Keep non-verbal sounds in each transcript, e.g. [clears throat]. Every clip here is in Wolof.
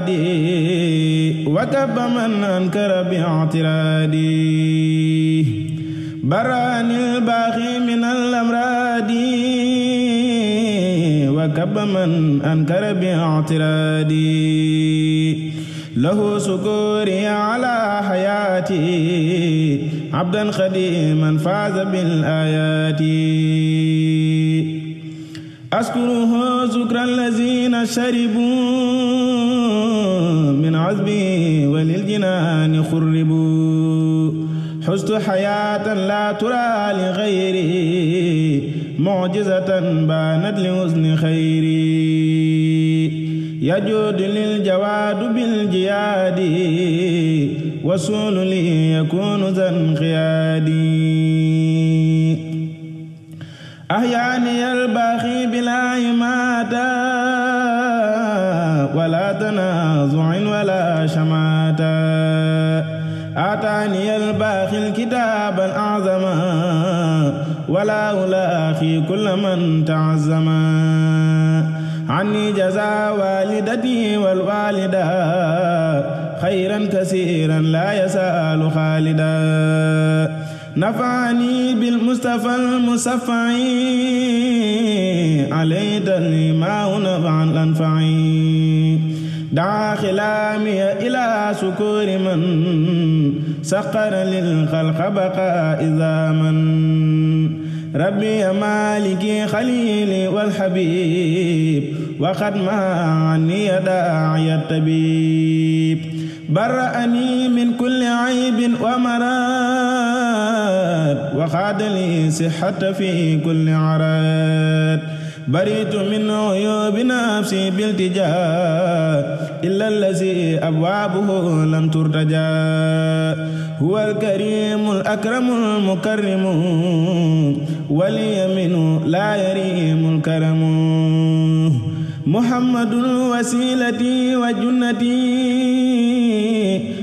مرادي وكب من أنكر باعترادي بران الباغي من الأمراض وكب من أنكر باعترادي له سكوري على حياتي عبدا خديما فاز بالآيات أشكره شكرا الذين شربوا من عذبي وللجنان خربوا حزت حياة لا ترى لغيري معجزة بانت لحسن خيري يجود للجواد بالجياد وصول لي يكون ذا انقيادي أحياني الباخي بلا إماده ولا تنازع ولا شماتة أعطاني الباخل كتابا أعظما ولا ألاخي كل من تعزما عني جزا والدتي والوالدة خيرا كثيرا لا يسأل خالدا nafaani bil mustafa al musafai alaytani maahu nafaan lan fai daa xilaamiya ilaa sukuuri man saqara lil xalqa baqa izaaman rabbi ya maaliki xaliili wal xabiib wa xad maa anniya daa'iya tabiib برأني من كل عيب ومراد وخاد لي صحة في كل عراد بريت من عيوب نفسي بالتجاء إلا الذي أبوابه لم ترتجى هو الكريم الأكرم المكرم ولي منه لا يريم الكرم muhammadul wasilati wa junnati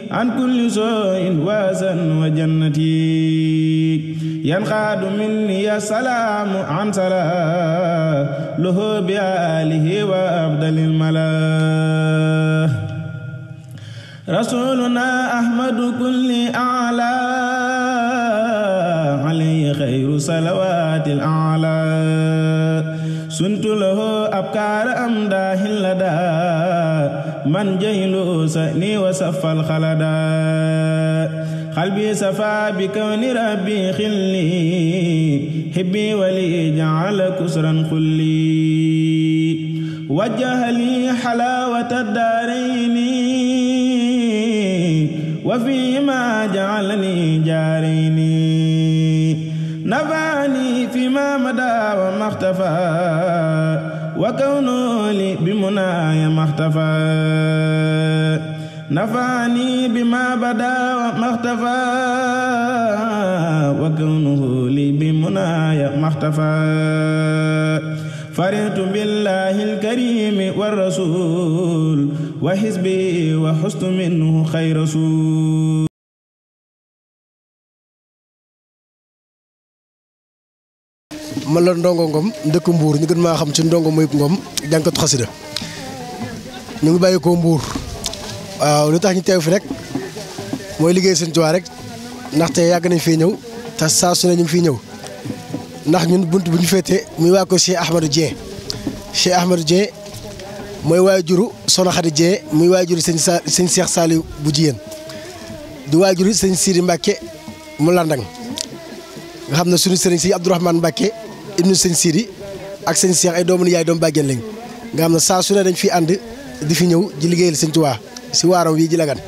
an kulli sooin waasan wa jannati yanqaadu minni ya salaamu an salaa lahu bi alihi wa afdalil malaa rasuluna ahmadu kulli alaa alayhi xayru salawaatil alaa suntu lahu أبكار أم داه لدى من جهل سأني وسف الخلدا قلبي سفى بكون ربي خلي حبي ولي جعل كسرا خلي وجه لي حلاوة الدارين وفيما جعلني جارين نفعني فيما مدى وما اختفى wa kawnu li bi munaaya maxtafa nafaani bi ma bada wa maxtafa wa kawnu li bi munaaya maxtafa faritu billahi alkarimi wa rasul wa xisbi wa xustu minhu xay rasul man la Ndongo Ngom dëkk mbuur ñu gën maa xam ci Ndongo Mayib Ngom jànkatu xasida ñu ngi bàyyi ko Mbour waaw lu tax ñu teew fi rek mooy liggéey seen tuwaa rek ndaxte yàgg nañ fi ñëw te saa su ne ñu ngi ñëw ndax ñun bunt bu ñu féete muy waa ko Cheikh Ahmadou Dieng mooy waajuru Soxna Xadi Dieng muy waajuru sëñ sa sëñ Cheikh Saliou bu jigéen di waajuru sëñ Sidi Mbacke mu Landang nga xam ne suñu sëriñ si Abdourahmane Mbacke ibnu sëñ Sidi ak sëñ Cheikh ay doomu yaay doomu bàjjen lañ nga xam na saa su ne dañ fi ànd di fi ñëw di liggéeyal sëñ Tuubaa si waaram wii ji lagan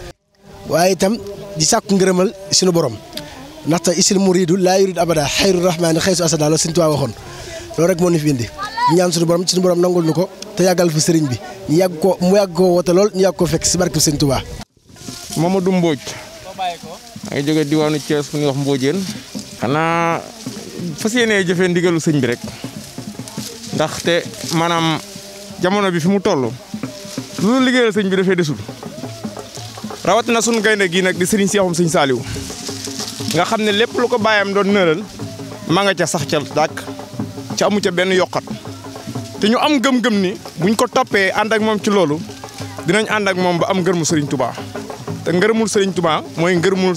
waaye itam di sàkku ngërëmal suñu borom ndaxte isil muridu laa yurid abada xayru rahmaani xaysu asada la sëñ Tuubaa waxoon loolu rek moo ñu fi indi ñaan suñu borom suñu borom nangul ñu ko te yàggal fi sëriñ bi ñu yàgg ko mu yàgg ko woote lool ñu yàgg ko fekk si barke sëñ Tuubaa Mamadou Mbodj maa ngi jógee diwaanu Thiès fu ñuy wax Mbodjeen xanaa fas yéenee jëfee ndigalu sëñ bi rek te maanaam jamono bi fi mu toll loolu liggéeyal sëñ bi dafay desul rawat na sunu gaynde gi nag di sëriñ seexum sëñ saaliw nga xam ne lépp lu ko bàyyam doon nëral ma nga ca sax ca dàkk ca amu ca benn yokkat te ñu am gëm-gëm ni buñ ko toppee ànd ak moom ci loolu dinañ ànd ak moom ba am ngërmu sëriñ tubaa te ngërmul sëriñ tubaa mooy ngërmul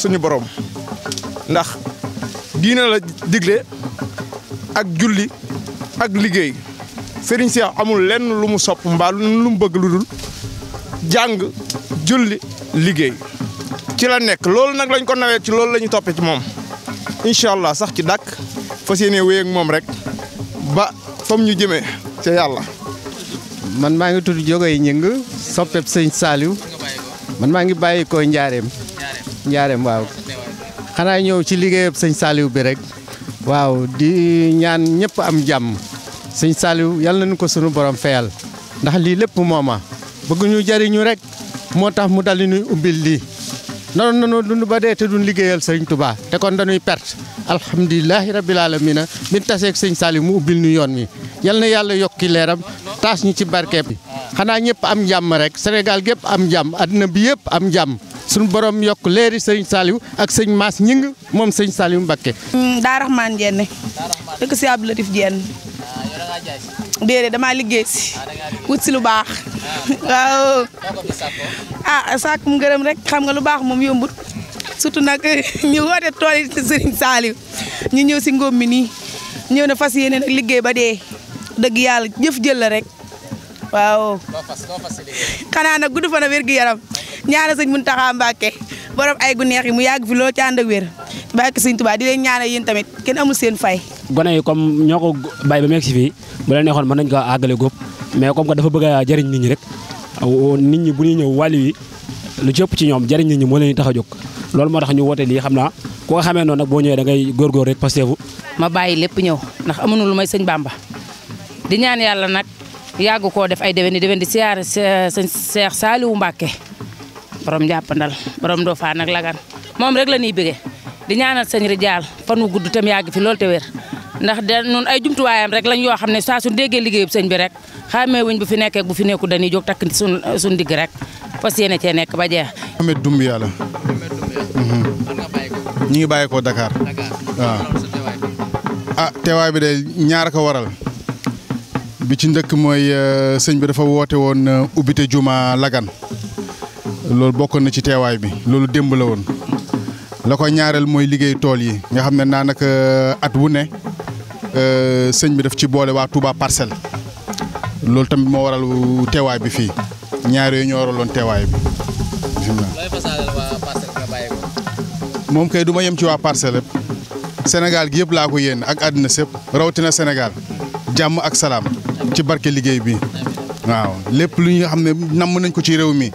suñu borom ndax diina la digle ak julli ak liggéey Serigne si amul lenn lu mu sopp mbaa lu mu bëgg lu dul jàng julli liggéey ci la nekk loolu nag lañ ko nawee ci loolu lañuy ñu moom incha allah sax ci dàkk fas yéene wéy ak moom rek ba fam ñu jëmee ca yàlla. man maa ngi tudd yi Jógay Ñëng soppeeb sëñ Saaliw man maa ngi bàyyi ko Njaareem Njaareem waaw. xanaa ñëw ci liggéeyab sëñ Saliou bi rek waaw di ñaan ñëpp am jàmm sëñ Saliou yàlla nañu ko sunu boroom feyal ndax lii lépp mooma bëgg ñu jariñu rek moo tax mu dal di nuy ubbil lii naroon nanoo dund ba dee te duñ liggéeyal sëñ Touba te kon dañuy perte alhamdulilahi rabil alamina min taseeg sëñ Saliou mu ubbil nu yoon mi yal na yàlla yokki leeram taas ñu ci barke bi xanaa ñëpp am jàmm rek Sénégal gépp am jàmm àddina bi yëpp am jàmm suñu borom yokk leeri sëñ Saliou ak sëñ maas Ñing moom sëñ Saliou Mbacké. Mm, daa raxmaan jenn dëkk si Abdou Latif jenn déedéet damaa liggéey si wut si lu baax [laughs] waaw ah sàkkum ngërëm rek xam nga lu baax moom yombut surtout nag [laughs] ñu woote tool yi sëriñ Saliou ñu ñëw si ngóob mi nii ñëw ne fas yéene nag liggéey ba dee dëgg yàlla jëf jël la rek. waaw. xanaa nag gudd fan a wér gi yaram ñaanal sëñ Muntaxa Mbàkke borom ay gu neex yi mu yàgg fi lool ci ànd ak wér mbàkke sëñ Tuubaa di leen ñaanal yéen tamit kenn amul seen fay. gone yi comme ñoo ko bàyyi ba meeg si fii bu la neexoon mën nañ ko àggale góob mais comme que dafa bëgg a jëriñ nit ñi rek nit ñi bu ñuy ñëw wàllu yi lu jëpp ci ñoom jëriñ nit ñi moo leen tax a jóg loolu moo tax ñu woote lii xam naa ku nga xamee noonu nag boo ñëwee da ngay góorgóor rek pasteefu ma bàyyi lépp ñëw ndax amuñu lu may sëñ Bàmba di ñaan yàlla nag yàgg koo def ay déwén déwén di siyaare eh, sëñ Cheikh Saliou Mbacke borom jàppandal borom doo faa nag lagan moom rek la ñuy bëggee di ñaanal sëñ Rijaal fan wu gudd tam yàgg fi loolu te wér ndax de nun ay jumtuwaayam rek lañ yoo xam ne saa su déggee liggéeyub sëñ bi rek xamee wuñ bu fi nekkee bu fi nekku dañuy jóg takk sun suñ digg rek fas yéene cee nekk ba jeex. Mohamed Doumbia la. ñu ngi bàyyi ko ah teewaay bi de ñaar ko waral. bi ci njëkk mooy euh, sëñ bi dafa woote woon euh, ubbite juma lagan loolu bokkoon na ci teewaay bi loolu démb la woon la ko ñaareel mooy liggéey tool yi nga xam ne naa nag euh, at wu ne sëñ bi daf ci boole waa Touba parcelle loolu tamit moo waral teewaay bi fii ñaar yooyu ñoo waraloon teewaay bi moom kay du ma yem ci waa parcelle Sénégal gi yëpp laa ko yéen ak àddina sépp rawatina Sénégal jàmm ak salaam ci barke liggéey bi waaw lépp li nga xam ne namm nañ ko ci réew mi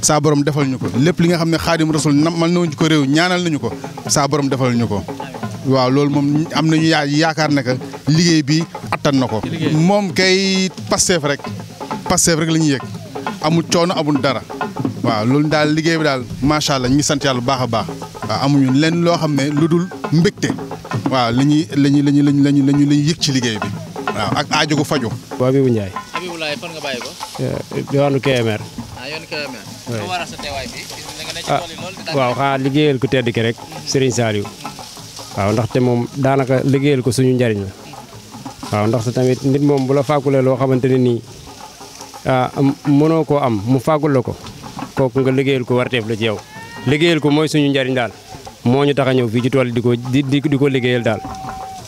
saa borom defal ñu ko lépp li nga xam ne xaadim rasul nammal nañ ko réew ñaanal nañu ko saa borom defal ñu ko waaw loolu moom am nañu yaa yaakaar ne liggéey bi attan na ko moom kay Pastef rek Pastef rek la ñuy yëg amul coono amul dara waaw loolu daal liggéey bi daal macha allah ñu sant yàlla bu baax a baax waaw amuñu lenn loo xam ne lu dul mbégte waaw li ñuy la ñuy la ñuy la ñuy la ñuy yëg ci liggéey bi waaw ak aajo gu faju waa Habibou Ndiaye. Habibou ko. yoonu KMR. ah yoonu ah, tedd ki rek mm-hmm. Serigne Saliou. waaw ndaxte moom daanaka liggéeyal ko suñu njariñ la. Mm-hmm. waaw ndaxte tamit nit moom bu la fàggulee loo xamante ne nii ah, mënoo ko am mu fàggul la ko kooku nga liggéeyal ko warteef la ci yow. liggéeyal ko mooy suñu njariñ daal moo ñu tax a ñëw fii ci tool di ko di di ko liggéeyal daal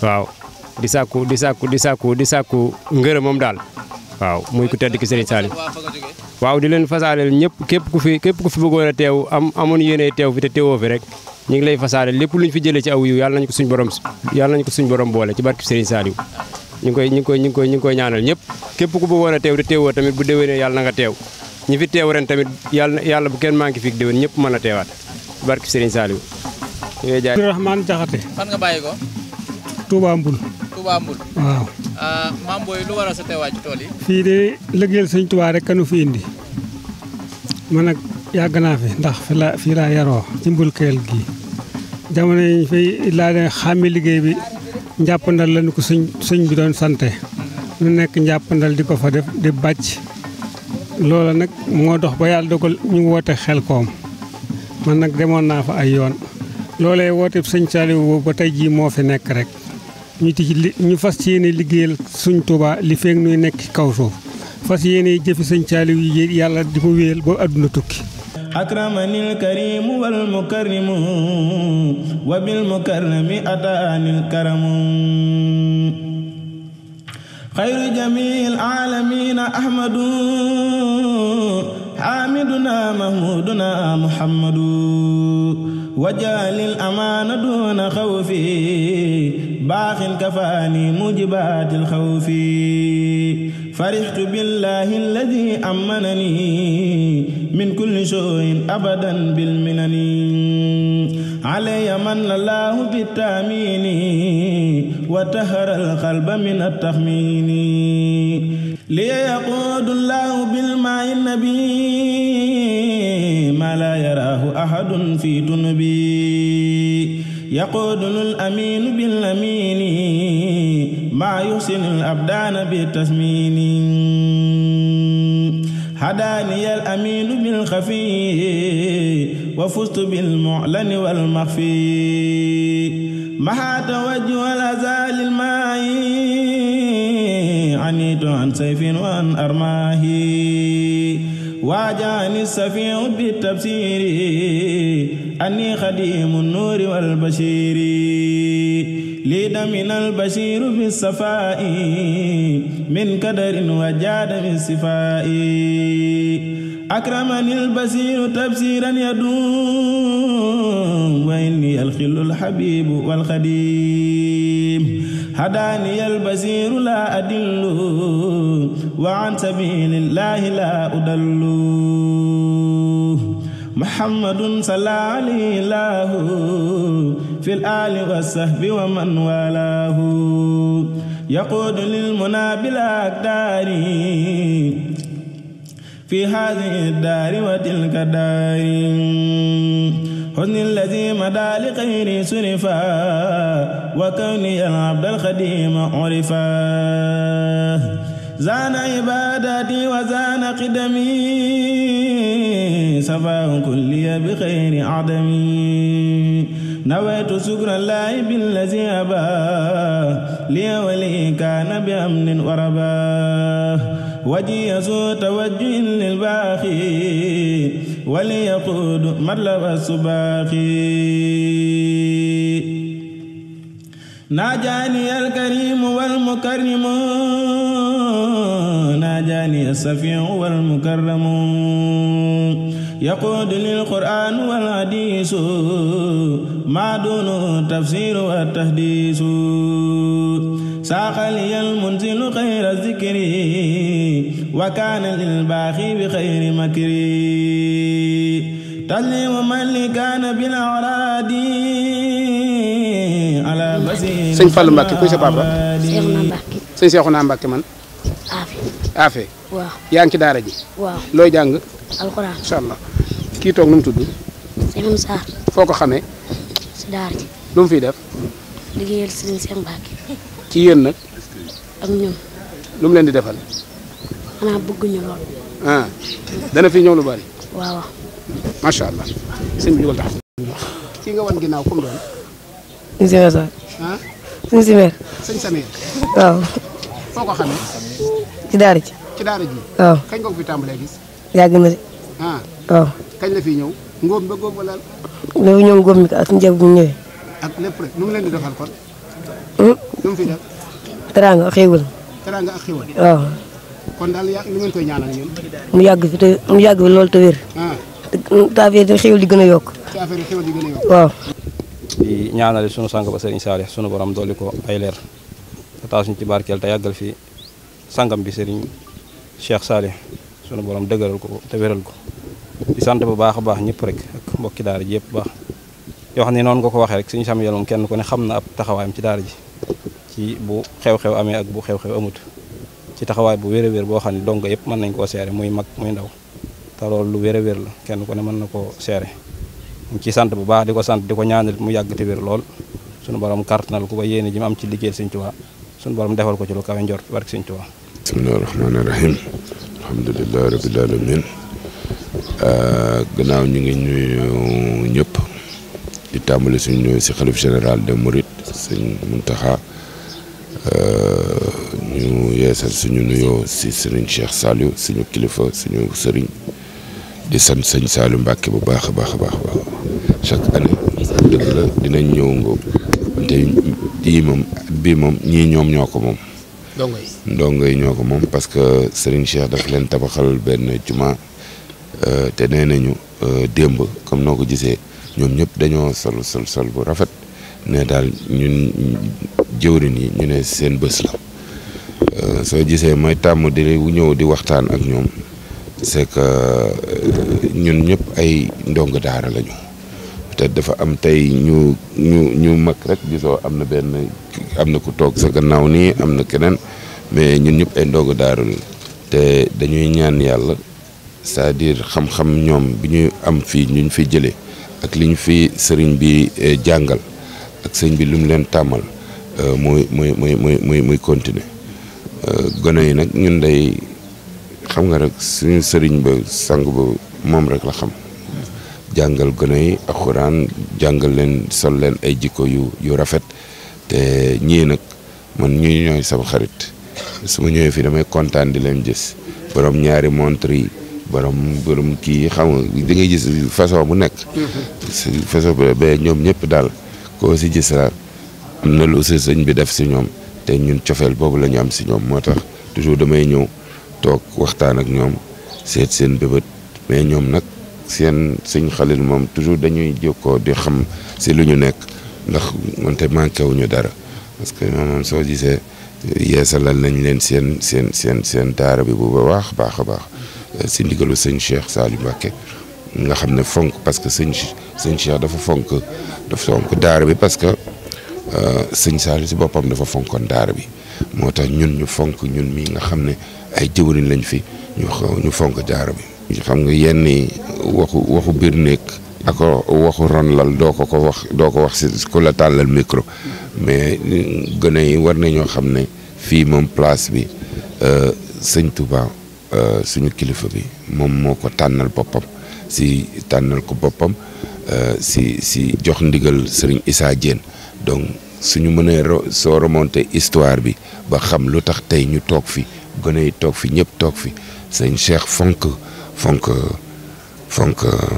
waaw. di sàkku di sàkku di sàkku di sàkku daal waaw muy ku ki Serigne Saliou waaw di fasaaleel ñëpp képp ku fi képp ku fi bëggoon a teew am amoon yéene teew fi te teewoo fi rek ñu ngi lay fasaaleel lépp luñ fi jëlee ci aw yiw yàlla nañ ko suñ borom yàlla nañ ko suñ borom boole ci barke Serigne Saliou ñu ngi koy ñu ngi koy ñu ngi koy ñu ngi koy ñaanal ñëpp képp ku bëggoon a teew te teewoo tamit bu déwénee yàlla na teew ñi fi teew ren tamit yàlla yàlla bu kenn manqué fii déwén ñëpp mën a teewaat barke Touba Mbul. waaw. Ah, fii de liggéeyal sëñ Touba rek kanu fi indi man nag yàgg naa fi ndax fi la fii laa yaroo ci mbul keel gi jamono yi fay laa ne xàmmi liggéey bi njàppandal lañu ko sëñ sëñ bi doon sante lu nekk njàppandal di ko fa def di bàcc loola nag moo dox ba yàlla dogal ñu woote xel koom man nag demoon naa fa ay yoon loolee woote sëñ Saliou ba tey jii moo fi nekk rek ñu ti ñu fas yéene liggéeyal suñ li feeg nuy nekk kaw suuf fas yéene jëfi sëñ Saaliw yi yàlla di ko wéyal ba àdduna tukki akramani alkarimu wal mukarrimu wa bil mukarrami ataani alkaramu xayru jamiil aalamiina ahmadu xaamiduna mahmuduna muhammadu wajalil amaana duna xawfi baax kafaani mujibaati alxawfi farixtu billaahi alladi ammanani min kulli shooyin abadan bilminani alayya man lallahu bitaamini wa tahara alqalba min attaxmini liya yaquudu llahu bilmaai nabi ma la yaraahu ahadun fi dunubi يقودنا الأمين بالأمين ما يحسن الأبدان بالتسمين هداني الأمين بالخفي وفزت بالمعلن والمخفي مع توجه الأزال الماء عنيت عن سيف وعن أرماه واجاني السفيع بالتبصير أني خديم النور والبشير لي دمنا البشير في الصفاء من كدر وجاد في الصفاء أكرمني البشير تبشيرا يدوم وإني الخل الحبيب والخديم هداني البشير لا أدل وعن سبيل الله لا أدل محمد صلى عليه الله في الآل والصحب ومن والاه يقود للمنى بلا أقدار في هذه الدار وتلك الدار حزن الذي مدى لغير سرفا وكوني العبد الخديم عرفا زان عبادتي وزان قدمي صفاء كلي بخير عدمي نويت شكر الله بالذي أبى لي ولي كان بأمن ورباه وجي سوء توجه للباخي وليقود مطلب السباخي ناجاني الكريم والمكرم ناجاني السفيع والمكرم يقود للقرآن والحديث ما دون تفسير والتحديث ساق لي المنزل خير الذكر وكان للباخي بخير مكر تسليم من كان بالأعراد على بسيط سيد فالو مباكي كوي سباب رب سيخنا مباكي سيخنا مباكي من Afe. waaw yaa ngi ci daara ji. waaw looy jàng. alxuraan incha allah kii toog nu mu tudd. Serigne Sarr. foo ko xamee. si daara ji. lu mu fiy def. liggéeyal ci yéen nag. ak ñun. lu mu leen di defal. xanaa ah. dana fi ñëw lu bari. waaw. allah. sëñ bi jógal tax. kii nga wan ginnaaw comme doon. sëñ Simeer Sarr. ah. sëñ Simeer. sëñ waaw. foo ko xamee. ci daara ji. ci daara ji. waaw kañ nga gis. yàgg na de. ah kañ la fi ñëw ngóob nga góob wala. loolu ñoom góob mi ko ak njab bu ñu ak lépp rek nu mu leen hmm? ak xéewal. koy ñaanal mu yàgg fi te mu yàgg fi loolu te wér. Ah. te yi gën a yokk. te affaire yi xéewal di gën a yokk. waaw. di ñaanale sunu sang ba Serigne Saliou sunu borom dolli ko ay leer te taas ñu ci barkeel te yàggal fii sangam bi sëriñ Cheikh Salih sunu borom dëgëral ko te wéral ko di sant bu baax a baax ñëpp rek mbokki daara ji yëpp baax yoo xam ne noonu nga ko waxee rek suñu sam yelmoom kenn ku ne xam na ab taxawaayam ci daara ji ci bu xew-xew amee ak bu xew-xew amut ci taxawaay bu wér a wér boo xam ne donga yëpp mën nañ koo seere muy mag muy ndaw te lool lu wér wér la kenn ku ne mën na koo seere ci sant bu baax di ko sant di ko ñaanal mu yàgg te wér lool sunu borom kartanal ku ba yéene ji mu am ci liggéeyal Sëñ Tuubaa sunu borom defal ko ci lu kawe njort barke Sëñ bisimilah rahmaani rahim alhamdulilah rabil alamin euh, gannaaw ñu ngi nuyu ñëpp di tàmbali suñu nuyu si xalif général de Mouride sëñ Muntaxa euh, ñu yeesal suñu nuyoo si sëriñ Cheikh Saliou suñu kilifa suñu sëriñ di sant sëñ Saliou Mbacke bu baax a baax a baax chaque année dëgg la dinañ ñëw ngóob te moom moom ñii ñoom ñoo ko moom. ndongo yi. ndongo yi ñoo ko moom parce que Serigne Cheikh dafa leen tabaxal benn juma euh, te nee nañu euh, démb comme noo ko gisee ñoom ñëpp dañoo sol sol sol bu rafet ne daal ñun jëwrin yi ñu ne seen bës la euh, soo gisee mooy tàmm di ñëw di waxtaan ak ñoom c'est ñun ñëpp ay ndong daara lañu te dafa am tey ñu ñu ñu mag rek gisoo am na benn am na ku toog sa gannaaw nii am na keneen mais ñun ñëpp ay ndongo daara lañ te dañuy ñaan yàlla cest diir dire xam-xam ñoom bu ñu am fii ñu fi jëlee ak li ñu fi sëriñ bi eh, jàngal ak sëriñ bi lu mu leen tàmmal euh, muy muy muy muy muy muy continuer euh, gone yi nag ñun day xam nga rek suñu sëriñ ba sang ba moom rek la xam. jàngal gone yi ak jàngal leen sol leen ay jikko yu rafet te ñii nag man ñuy ñooy sama xarit su ma ñëwee fii damay kontaan di leen gis borom ñaari montre yi borom borom kii xam nga da ngay gis façon bu nekk. façon bu ñoom ñëpp daal koo si gis am na lu si sëñ bi def si ñoom te ñun cofeel boobu la ñu si ñoom moo tax toujours damay ñëw toog waxtaan ak ñoom seet seen bébët mais ñoom nag. seen sëñ Xalil moom toujours dañuy jokkoo di xam si lu ñu nekk ndax wante manqué ñu dara parce que moom soo gisee yeesalal nañ leen seen seen seen seen daara bi bu baax baax a baax si ndigalu sëñ Cheikh Saliou nga xam ne fonk parce que sëñ sëñ Cheikh dafa fonk dafa fonk daara bi parce que euh, sëñ Saliou si boppam dafa fonkoon daara bi moo tax ñun ñu fonk ñun mii nga xam ne ay jëwriñ lañ fi ñu fonk daara bi xam nga yenn waxu waxu biir néeg ak waxu ronlal doo ko ko wax doo ko wax si ku la tàllal micro mais gën a yi war nañoo xam ne fii moom place bi euh, sëñ Touba euh, suñu kilifa bi moom moo ko tànnal boppam si tànnal ko boppam euh, si si jox ndigal sëriñ Issa Diène donc suñu mënee soo remonté histoire bi ba xam lu tax tey ñu toog fi gën a toog fi ñëpp toog fi sëñ Cheikh fonk fonk fonk euh,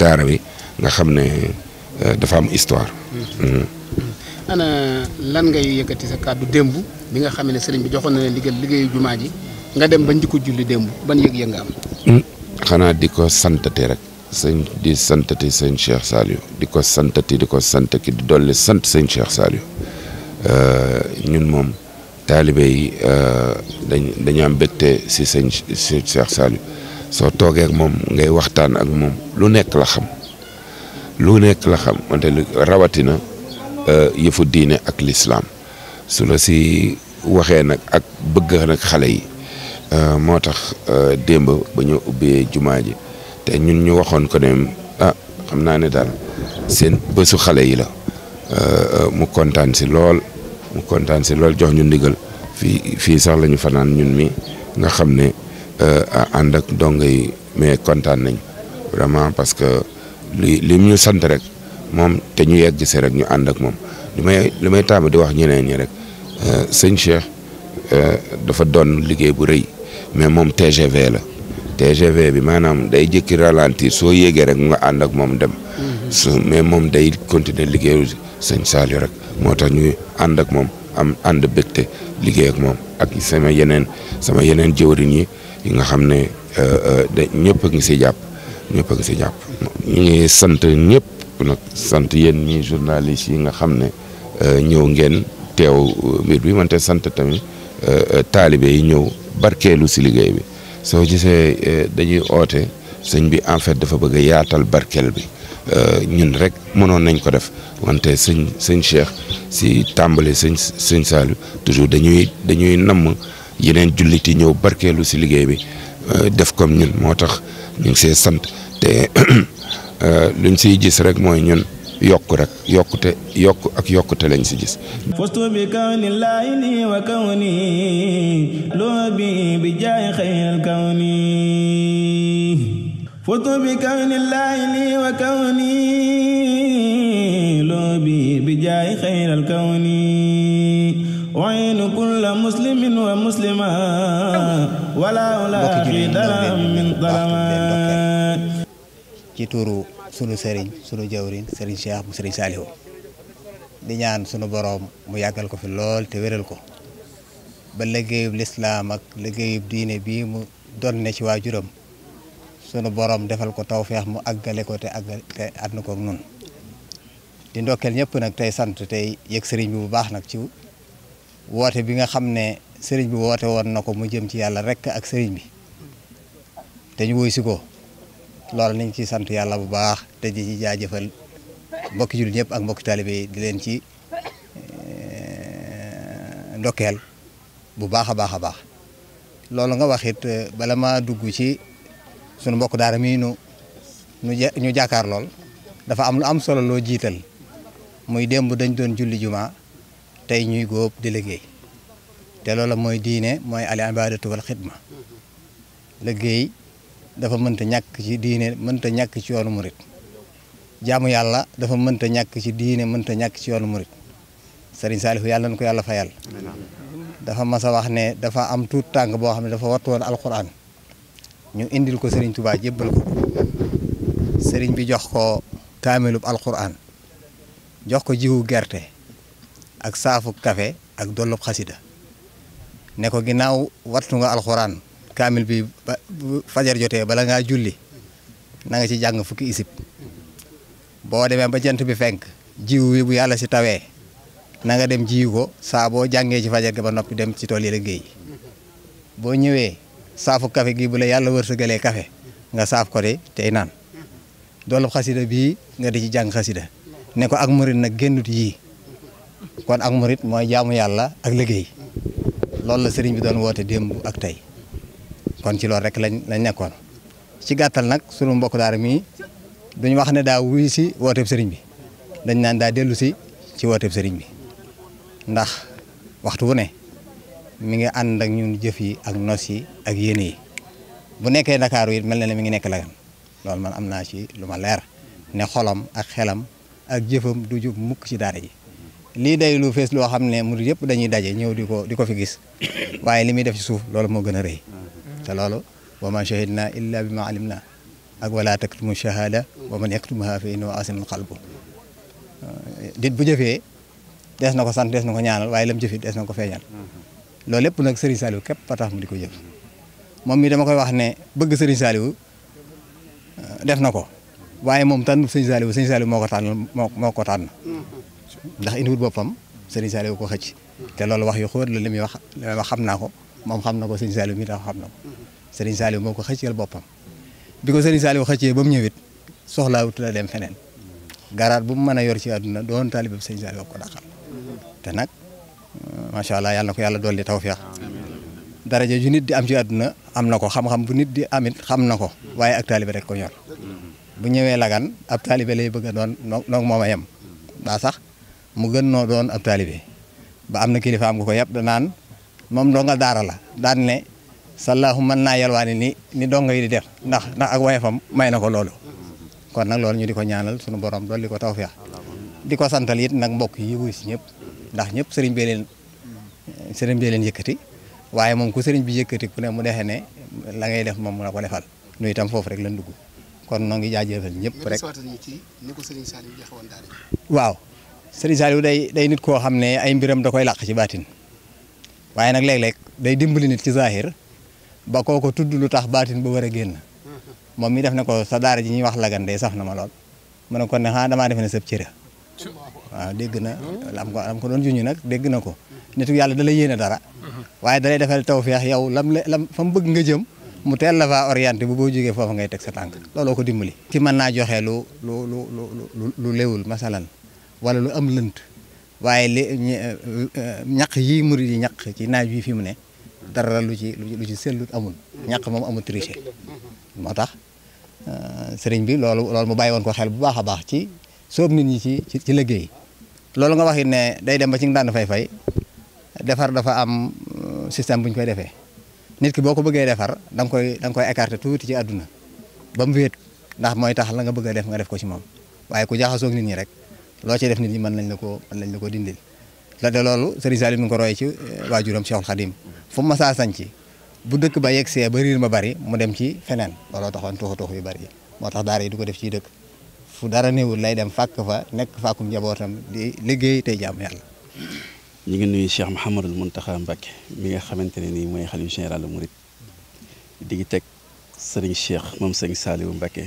daara bi nga xam ne euh, dafa am histoire. Mm-hmm. Mm-hmm. Mm-hmm. ana lan ngay yëkkati sa kàddu démb bi nga xam ne sëriñ bi joxoon na leen liggéey liggéeyu jumaa ji nga dem ba njëkko julli démb ban yëg-yëg nga am. xanaa di ko santate rek. sëñ di santati sëñ Cheikh Saliou di ko santati di ko sant di dolli sant sëñ Cheikh Saliou euh, ñun moom taalibe yi dañ dañu am bégte si sëñ si Cheikh Saliou soo toogee ak moom ngay waxtaan ak moom lu nekk la xam lu nekk la xam wante lu rawatina euh, yëfu diine ak lislaam su la si waxee nag ak bëgg nag xale yi euh, moo tax euh, démb ba ñu ubbee jumaa ji te ñun ñu waxoon ko ne ah xam naa ne daal seen bésu xale yi la mu kontaan si lool mu kontaan si lool jox ñu ndigal fii fii sax lañu fanaan ñun mi nga xam ne Euh, ànd ak dongo yi mais kontaan nañ vraiment parce que li li ñu sant rek moom te ñu yegg si rek ñu ànd ak moom li may li may tàmm di wax ñeneen ñi rek euh, sëñ Cheikh euh, dafa doon liggéey bu rëy mais moom TGV la TGV bi maanaam day jëkki ralentir soo yéegee rek nga ànd ak moom dem. Mhm. su mais moom day continuer liggéeyu sëñ Saliou rek moo tax ñuy ànd ak moom am ànd bégte liggéey ak moom ak sama yeneen sama yeneen jëwriñ yi. yi nga xam ne euh, euh, da ñëpp a ngi si jàpp ñëpp a ngi si jàpp ñu ngi sant ñëpp nag sant yéen ñi journaliste yi nga xam ne euh, ñëw ngeen teew mbir bi man te sant tamit taalibe yi ñëw barkeelu si liggéey bi soo gisee dañuy oote sëñ bi en fait dafa bëgg yaatal barkeel bi ñun rek mënoon nañ ko def wante sëñ sëñ Cheikh si tàmbale sëñ sëñ Saliou toujours dañuy dañuy namm yeneen jullit yi ñëw barkeelu si liggéey bi euh, def comme ñun moo tax ñu see sant te [clears throat] euh, luñ siy gis rek mooy ñun yokk rek yokkute yokk ak yokkute lañ si gis fustu bi kawni laayni wa wa kawni loo bi bi jaay xayral kawni وعين كل مسلم ومسلمة ولا ولا في درهم من ظلمات ci tuuru sunu sëriñ sunu jawriñ sëriñ Cheikh mu sëriñ Saliou di ñaan sunu boroom mu yàggal ko fi lool te wéral ko ba liggéeyub lislaam ak liggéeyub diine bii mu doon ne ci waajuram sunu boroom defal ko taw feex mu àggale ko te àggal te nun di ndokkeel ñëpp nag tey sant tey yëg sëriñ bi bu baax nag ci woote bi nga xam ne sëriñ bi woote woon na ko mu jëm ci yàlla rek ak sëriñ bi te ñu woy si ko loolu nañ ci sant yàlla bu baax te di ci jaajëfal mbokki jullit ñëpp ak mbokki taalibe di leen ci eh, ndokkeel bu baax a baax a baax loolu nga waxit it eh, bala maa dugg ci sunu mbokk daara mii nu ñu jàkkaar lool dafa am lu am solo loo jiital muy démb dañ doon julli juma tey ñuy góob di liggéey te loola mooy diine mooy al ibadatu wal xidma liggéey dafa mënta ñàkk ci diine mënta ñàkk ci yoonu murit jaamu yàlla dafa mënta ñàkk ci diine mënta ñàkk ci yoonu murit sëriñ Saalihu yàlla na ko yàlla fayal dafa mas a wax ne dafa am tuut tànk boo xam ne dafa wattu woon alxuraan ñu indil ko sëriñ tubaa jébbal ko sëriñ bi jox ko kaamilub alxuraan jox ko jiwu gerte ak saafu kafe ak dollub xasida ne ko ginnaaw wattu nga alxuraan kaamil bi ba fajar jotee bala ngaa julli na nga ci jàng fukki isib boo demee ba jant bi fenk jiw wi bu yàlla si tawee na nga dem jiw ko saa boo jàngee ci fajar ga ba noppi dem ci tool yi liggéey boo ñëwee saafu kafe gi bu la yàlla wërsëgalee kafe nga saaf ko de tey naan dollub xasida bii nga di ci jàng xasida ne ko ak murit nag génnut yii kon ak murit mooy jaamu yàlla ak liggéey loolu la sëriñ bi doon woote démb ak tey kon ci loolu rek lañ lañ nekkoon ci gàttal nag sunu mbokk daara mii duñ wax ne daa wuy si woote sëriñ bi dañ naan daa dellu si ci wooteeb sëriñ bi ndax waxtu wu ne mi ngi ànd ak ñun jëf yi ak nos yi ak yéene yi bu nekkee Ndakaaru it mel na ne mi ngi nekk Lagan loolu man am naa ci lu ma leer ne xolam ak xelam ak jëfam du jub mukk ci daara ji lii day lu fees loo xam ne murid yëpp dañuy daje ñëw di ko di ko fi gis [coughs] waaye li muy def ci suuf loolu moo gën a rëy mm-hmm. te loolu wa ma shahidna illa bi ma alimna ak wala taktumu shahada wa man yaktumha fa innahu asimun qalbu dit bu jëfee des na ko sant des na ko ñaanal waaye lam jëfee des na ko feeñal mm-hmm. loolu lépp nag Serigne Saliou képp a tax mu di ko jëf moom mi dama koy wax ne bëgg Serigne Saliou euh, def na ko waaye moom tànn Serigne Saliou Serigne Saliou moo ko tànn mm-hmm. ndax indiwut boppam sëriñ Saliou ko xëcc te loolu wax yu xóor la li muy wax xam naa ko moom xam na ko sëriñ Saliou mi tax xam na ko sëriñ Saliou moo ko xëccal boppam bi ko sëriñ Saliou xëccee ba mu ñëwit soxlaawut la dem feneen garaat bu mu mën a yor ci àdduna doon taalibe sëriñ Saliou ko daqal te nag euh, macha allah yàlla ko yàlla dool taw tawfeex daraja ju nit di am ci àdduna am na ko xam-xam bu nit di amit xam na ko waaye ak taalibe rek ko ñor bu ñëwee lagan ab lay bëgg a doon noog moom mu gën noo doon ab taalibe ba am na kilifa am nga ko yàpp da naan moom donga daara la daan ne sallaahu mën naa yalwaani ni ni donga yi di def ndax ndax ak wayefam may na ko loolu kon nag loolu ñu di ko ñaanal sunu borom dool li ko tawfeex di ko santal it nag mbokk yi wuy si ñëpp ndax ñëpp sëriñ bee sëriñ bee leen yëkkati waaye moom ku sëriñ bi yëkkati ku ne mu dexe ne la ngay def moom mu la ko defal nuy itam foofu rek lan dugg kon noon gi jaajëfal ñëpp rek waaw Serigne Saliou day day nit koo xam ne ay mbiram da koy làq ci baatin waaye nag léeg-léeg day dimbali nit ci zahir ba kooko tudd lu tax baatin ba war a génn moom mi def na ko sa daara ji ñuy wax lagan day sax na ma lool mu ne kon ne a damaa defe ne sëb cëre waaw dégg na lam ko lam ko doon juñu nag dégg na ko nitu yàlla da lay yéene dara waaye da lay defal tawfeex yow lam la lam fa mu bëgg nga jëm mu teel la faa orienté bu boo jógee foofa ngay teg sa tànk looloo ko dimbali. ci mën naa joxe wala lu am lënt waaye li ñaq eh, yi murid yi ñaq ci naaj wi fi mu ne dara lu ci lu ci sellut amul ñaq moom amul triché mhm. moo tax eh, sëriñ bi loolu loolu mu bàyyi woon ko xel bu baax a baax ci soob nit ñi ci ci liggéey loolu nga wax it ne day dem ba ci nga daan fay-fay defar dafa am eh, système buñ koy defee nit ki boo ko bëggee defar da nga koy da nga tuuti ci àdduna ba mu wéet ndax mooy tax la nga bëgg a def nga def ko ci moom waaye ku jaaxasoo nit ñi rek loo ciy def nit ñi mën nañ la ko nañ la ko dindil la de loolu Serigne Saliou mi ngi ko roy ci eh, waajuram Cheikhul Khadim fu mu masaa sañ ci bu dëkk ba yegg see ba riir ma bari mu dem ci feneen looloo taxoon tuuxu tuuxu yu bari moo tax daara yi du ko def ciy dëkk fu dara néewul lay dem fàkk fa nekk fàkkum njabootam di liggéey tey jaamu yàlla ñu ngi nuyu Cheikh Mouhamadul Mountakha Mbacké mi nga xamante ne nii mooy xalifa général Mouride di teg Serigne Cheikh moom Serigne Saliou Mbacké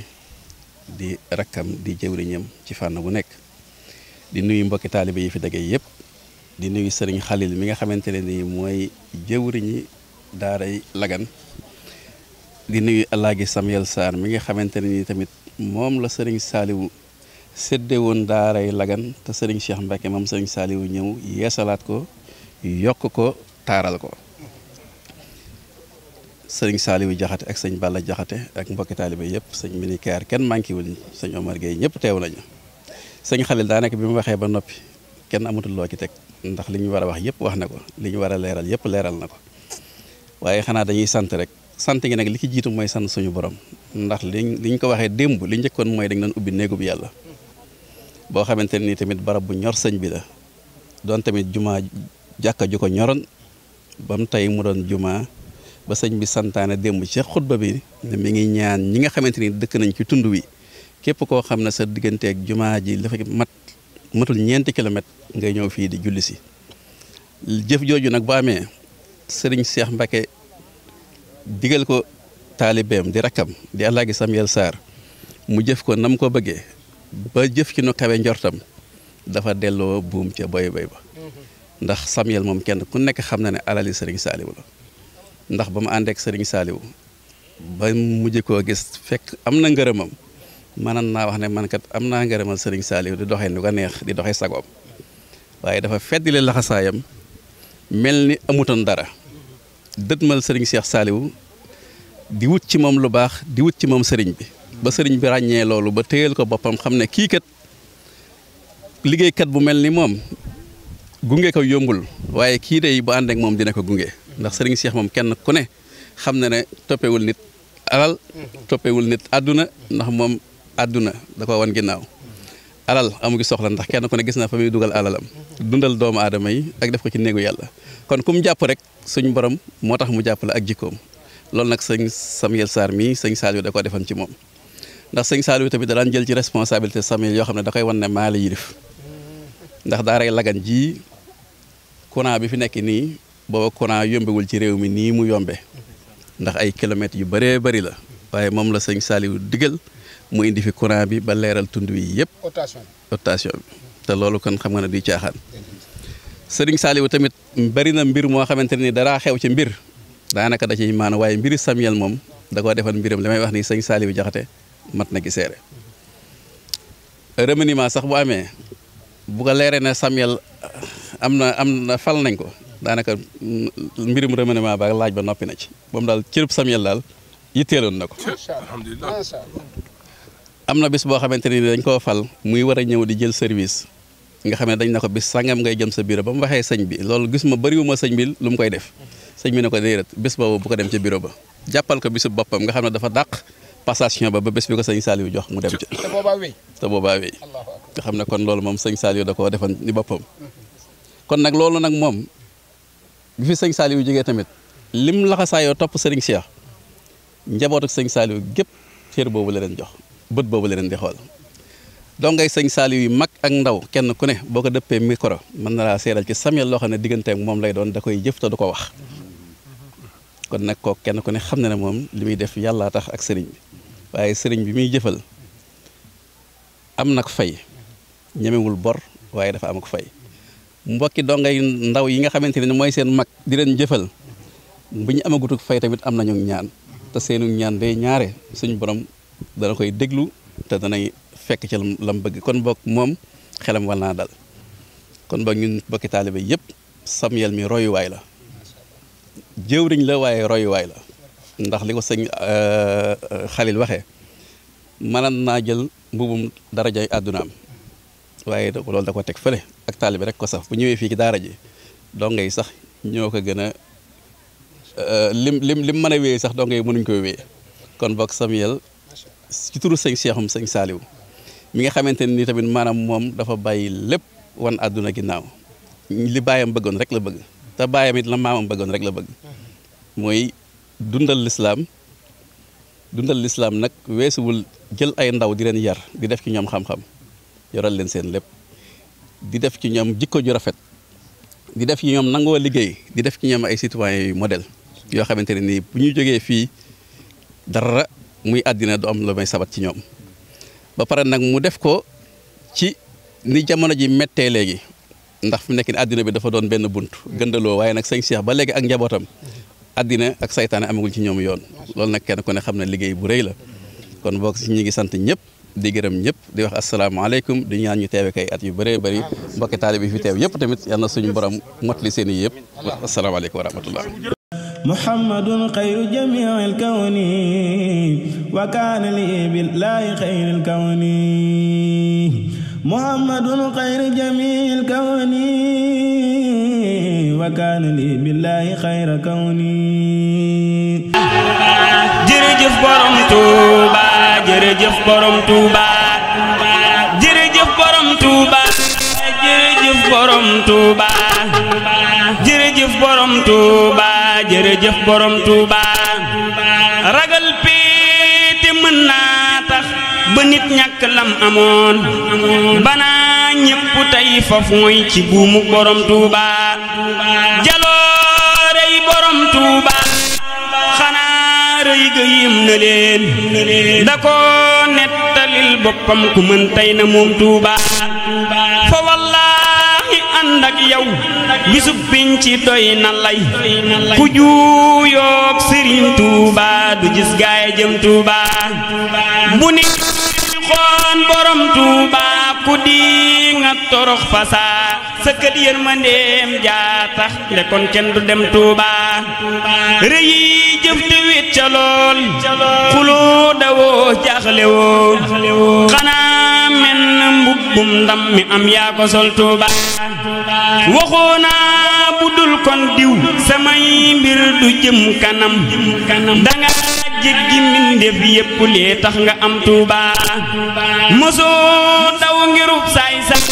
di rakkam di jëwriñam ci fànn bu nekk di nuyu mbokki taalibe yi fi dage yëpp di nuyu sëriñ Xalil mi nga xamante ne nii mooy jëwriñi daaray Lagan di nuyu Alaaji Samuel Sarr mi nga xamante ne nii tamit moom la sëriñ Saaliwu sédde woon daaray Lagan te sëriñ Cheikh Mbacke moom sëriñ Saaliwu ñëw yeesalaat ko yokk ko taaral ko sëriñ Saaliwu Jaxate ak sëñ Balla Jaxate ak mbokki taalibe yëpp sëñ Minikaar kenn manqué wuñ sëñ Omar Gueye ñëpp teew nañu sëñ Xalil daanaka bi mu waxee ba noppi kenn amatul loo ci teg ndax li ñu war a wax yëpp wax na ko li ñu war a leeral yëpp leeral na ko waaye xanaa dañuy sant rek sant gi nag li ci jiitu mooy sant suñu borom ndax liñ liñ ko waxee démb li njëkkoon mooy dañ doon ubbi néegu bi yàlla boo xamante ne nii tamit barab bu ñor sëñ bi la doon tamit jumaa jàkka ju ko ñoroon ba mu tey mu doon jumaa ba sëñ bi santaane démb ci xutba bi ne ngi ñaan ñi nga xamante ni dëkk nañ ci tund wi képp koo xam na sa digganteeg jumaa ji dafa mat matul ñeenti kilomètre ngay ñëw fii di julli si jëf jooju nag bu amee sëriñ Seex Mbacke digal ko taalibeem di rakkam di Alaaji Samuel Sarr mu jëf ko nam ko bëggee ba jëf ci nu kawe njortam dafa delloo buum ca boy boy ba ndax Samuel moom kenn ku nekk xam na ne alali sëriñ saaliwu ndax ba mu àndeek sëriñ saaliwu ba mujj koo gis fekk am na ngërëmam mënoon naa wax ne man kat am naa ngërëmal sëriñ Saliou di doxee lu ko neex di doxee sagoom waaye dafa feddile laxasaayam mel ni amutoon dara mal sëriñ seex Saliou di wut ci moom lu baax di wut ci moom sëriñ bi ba sëriñ bi ràññee loolu ba téyel ko boppam xam ne kii kat liggéeykat bu mel ni moom gunge ko yombul waaye kii day bu ànd moom dina ko gunge ndax sëriñ Cheikh moom kenn ku ne xam na ne toppewul nit alal toppewul nit àdduna ndax moom adduna da ko wan ginnaaw alal amu gi soxla ndax kenn ku ne gis naa fa muy dugal alalam dundal doomu aadama yi ak def ko ci néegu yàlla kon ku jàpp rek suñ borom moo tax mu jàppale ak jikkoom loolu nag sëñ Samuel Sarr mii sëñ Saliou da ko defoon ci moom ndax sëñ Saliou tamit da daan jël ci responsabilité Samuel yoo xam ne da koy wan ne maa la yilif ndax daaray lagan ji courant bi fi nekk nii booba courant yombewul ci réew mi nii mu yombe ndax ay kilomètres yu bëree bari la waaye moom la sëñ Saliou digal mu indi fi courant bi ba leeral tund bi yëpp. dotation bi te loolu kon xam nga ne duy caaxaan. sëriñ Saliou tamit bari na mbir moo xamante ni daraa xew ci mbir daanaka da ciy maana waaye mbiri Samuel moom da koo defal mbiram li may wax ni sëñ Saliou Jaxate mat na ki seere sax bu amee bu ko leeree ne uh, am na am fal nañ ko daanaka mm, mbirum remaniement ba laaj ba noppi na ci moom daal cërëb Samuel daal yitteeloon na ko. am na bis boo xamante ni dañ koo fal muy war a ñëw di jël service nga xam ne dañ na ko bis sangam ngay jëm sa bureau ba mu waxee sëñ bi loolu gis ma bëriwuma sëñ bi lu mu koy def sëñ bi ne ko déedéet bis boobu bu ko dem ca bureau ba jàppal ko bisu boppam nga xam ne dafa dàq passation ba ba bés bi ko sëñ Saliou jox mu dem ca te boobaa wéy nga xam ne kon loolu moom sëñ Saliou da koo defan ni boppam kon nag loolu nag moom bi fi sëñ Saliou jógee tamit lim laxasaayoo topp sëriñ Cheikh njaboot sëñ Saliou gépp cër boobu la leen jox bët boobu la di xool dongay sëñ Saliou yi mag ak ndaw kenn ku ne boo ko dëppee micro mën na laa seeral ci samel loo xam ne digganteem moom lay doon da koy jëf te du ko wax kon nag kooku kenn ku ne xam na ne moom li muy def yàllaa tax ak sëriñ bi waaye sëriñ bi muy jëfal am nag fay ñemewul bor waaye dafa am ak fay mbokki dongay ndaw yi nga xamante ne mooy seen mag di leen jëfal bu ñu amagutuk fay tamit am nañu ñaan te seenu ñaan day dana koy déglu te danay fekk ci lam bëgg kon bokk moom xelam war naa dal kon boog ñun bokki taalibe yëpp Samuel mi royuwaay la jëwriñ la waaye royuwaay la ndax li ko sëñ euh, Xalil waxee mënan naa jël mbubum darajay àddunaam waaye loolu da ko teg fële ak taalibe rek ko saf bu ñëwee fii ci daara ji dongay sax ñoo ko gën a euh, lim lim lim mën a wéyee sax dongay mënuñ ko wéyee kon bokk Samuel ci turu sëñ Seexum sëñ Saaliw mi nga xamante ni tamit maanaam moom dafa bàyyi lépp wan àdduna ginnaaw li baayam bëggoon rek la bëgg te baayam it la maamam bëggoon rek la bëgg mooy dundal lislaam dundal lislaam nag weesuwul jël ay ndaw di leen yar di def ci ñoom xam-xam yoral leen seen lépp di def ci ñoom jikko ju rafet di def ci ñoom nangoo liggéey di def ci ñoom ay citoyens yu yoo xamante ne nii bu ñu jógee fii dara muy àddina du am lu may sabat ci ñoom ba pare nag mu def ko ci ni jamono ji mettee léegi ndax fi mu nekk ni àddina bi dafa doon benn bunt gëndaloo waaye nag sëñ Cheikh ba léegi ak njabootam àddina ak saytaane amagul ci ñoom yoon loolu nag kenn ku ne xam ne liggéey bu rëy la kon boo si ñu ngi sant ñëpp di gërëm ñëpp di wax asalaamaaleykum di ñaan ñu teewe kay at yu bëree bëri mbokki taalibe yi fi teew yëpp tamit yal na suñu borom motali seen i yëpp asalaamaaleykum wa rahmatullah محمد خير جميع الكون وكان لي بالله خير الكون محمد خير جميع الكون وكان لي بالله خير كوني jërëjëf borom Touba jërëjëf borom Touba jërëjëf borom Touba jërëjëf borom Touba jërëjëf borom Touba jërëjëf borom Touba ragal péete mën naa tax ba nit ñàkk lam amoon banaa ñépp tey faf mooy ci buumu borom Touba jaloore yi borom Touba xanaa rëy ga na leen da ko nettalil boppam ku mën tey na moom Touba fa wallaahi ànd ak yow bisub piñ ci doy na lay ku juuyoog sëriñ Tuuba du gis gaay jëm Tuuba bu ni xoon borom Tuuba ku di nga torox fasaa sa kët yërmandeem jaa tax nde kon kenn du dem Touba rëy yi jëf te wit ca dawoo jaaxle woo xanaa menn mbubbum ndam mi am yaa ko sol Touba waxoo naa bu dul kon diw samay mbir du jëm kanam danga jéggi mbindéef yépp lee tax nga am Touba mosoo daw ngirub saay sax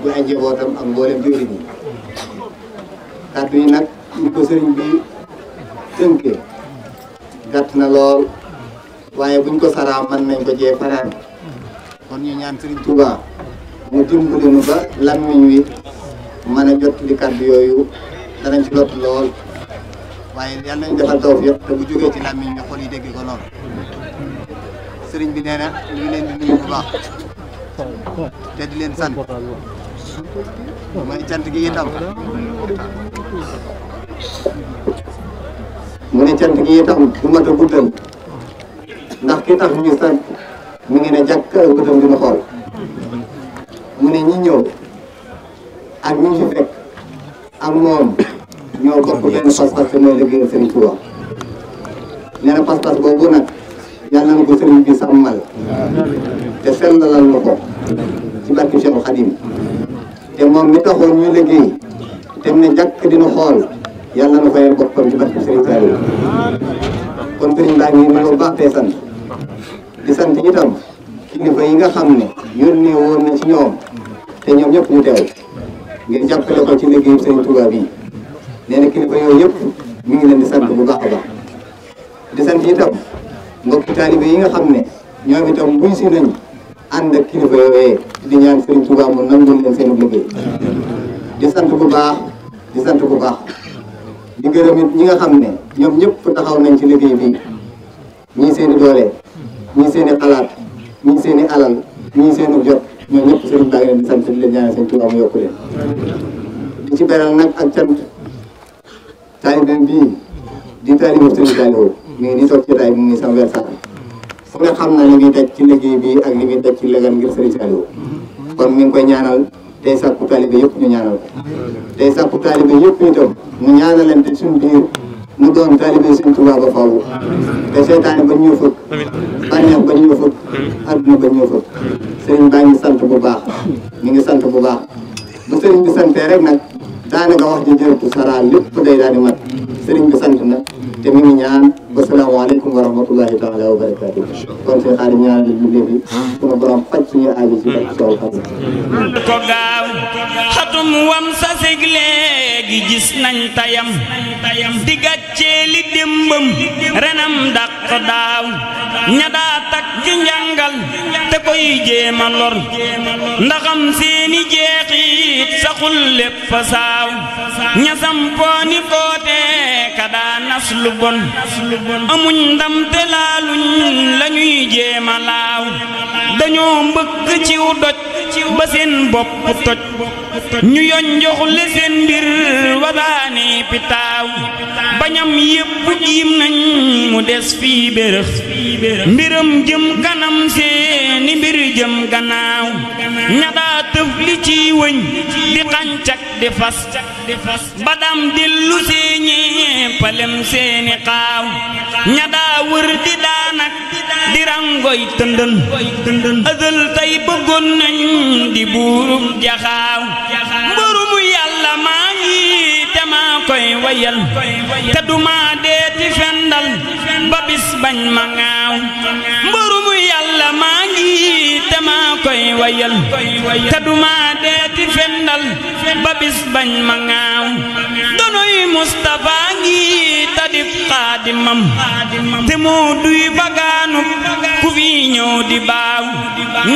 di ay njabootam ak mboolem jëriñ yi kàddu yi nag ñu ko sëriñ bi tënkee gàtt na lool waaye buñ ko saraa mën nañ ko jee paraan kon ñu ñaan sëriñ Touba mu dimbali nu ba làmmiñ wi mën a jot li kàddu yooyu danañ ci lot lool waaye yal nañ defal taw yëpp te bu jógee ci làmmiñ ñu xol yi dégg ko lool sëriñ bi nee ñu leen di nuyu te di leen mooy cant gi itam mu ne cant gi itam du mat a guddal ndax ki tax ñu sant mu ngi ne jàkk ak bëtam dina xool mu ne ñi ñëw ak ñi ñu fekk ak moom ñoo bokk benn pas-pas te mooy liggéeyal Sëriñ Tuubaa nee na pas-pas boobu nag yàlla na ko sëriñ bi sàmmal te sellalal na ko ci barke Cheikh Xadim te moom mi taxoon ñuy liggéey te mu ne jàkk dina xool yàlla na fayal boppam ci barke Serigne Saliou kon Serigne baa ngi ni ko baax tey sant di sant itam kilifa yi nga xam ne yónnee woon na ci ñoom te ñoom ñëpp ñu teew ngir jàppale ko ci liggéey Serigne Touba bii nee na kilifa yooyu yëpp mi ngi leen di sant bu baax a baax di sant itam mbokki taalibe yi nga xam ne ñoom itam buy si nañu ànd ak kilifa yooyee di ñaan Serigne Touba mu nangul leen seen liggéey di sant bu baax di sant bu baax di gërëm it ñi nga xam ne ñoom ñëpp taxaw nañ ci liggéey bi ñii seen i doole ñii seen i xalaat ñii seen i alal ñii seen i jot ñoom ñëpp Serigne Ba di sant di leen ñaanal Serigne Touba mu ci beral nag ak cant taalibe bii di taalibe Serigne Saliou mi ngi nii toog ci taay bi mu ngi fu nga xam ne li muy daj ci liggéey bi ak li muy daj ci lëgal ngir Serigne kon mi ngi koy ñaanal tey sàkku taalibe yëpp ñu ñaanal ko tey sàkku taalibe yëpp itam ñu ñaanalante suñu biir mu doon taalibe suñu Tuubaa ba faaw te seetaane ba ñu fëkk bànneex ba ñu fëkk ba ñu fëkk sëriñ baa ngi sant bu baax mi ngi sant bu baax bu sëriñ bi santee rek nag daanaka wax ji jërëtu saraa lépp day daal di mat na te mi ngi ñaan asalaamaaleykum wa rahmatulahi taala wa barakaatu. kon fi xaar ñaanal ñu léegi. sunu ko gaaw xatum wam sa léegi gis nañ tayam di gàccee li démbam renam dàq daaw ña daa takk njàngal koy jéema lor ndaxam seeni jeexit saxul lépp saaw ñasam pooni foote kadaa nas lu bon amuñ ndam laaluñ lañuy jéema laaw dañoo mbëkk ciw doj ba seen bopp toj ñu yoñ seen mbir wasaani pitaaw bañam yépp jiim nañ mu des fii bérëx mbiram jëm kanam seeni mbir jëm gannaaw ñadaa tëf li ci wëñ di xancak di fas badam dillu seeñe palem seeni xaaw ñadaa wër di daanak di rangoy tëndën azal tey bëggoon nañ di buurub jaxaaw koy wayal te deeti fendal ba bañ ma ngaaw mburu mu yàlla maa ngi te maa koy wayal te duma deeti fendal ba bañ ma ngaaw donoy Mustafa ngi tadib xaadimam te moo bagaanu ku di baaw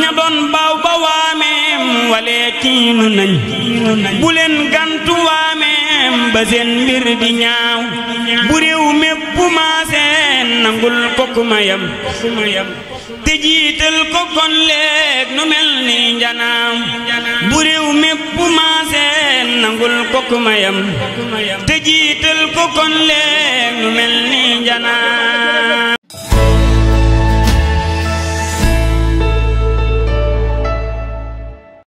ña doon baaw ba waamee waameem walee kiinu nañ bu leen gantu waameem nangul kokkuma yam te jiital ko kon leeg nu mel ni njanaaw